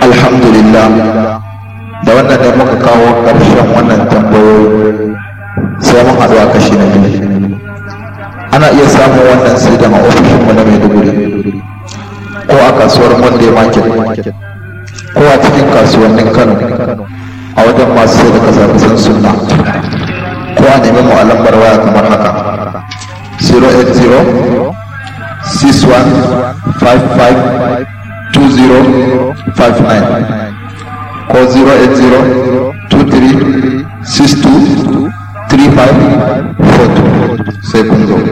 alhamdulillah da wannan da muka kawo ƙarshen wannan tambayoyi sai mun haɗu a kashi na biyu ana iya samun wannan sai da mu na maiduguri ko a kasuwar monday market ko a cikin kasuwannin kano a wajen masu sai da kasafisan sunna ko a nemi mu a lambar waya kamar haka 080 61 five five two zero five nine call zero eight zero two three six two three five four seven zero.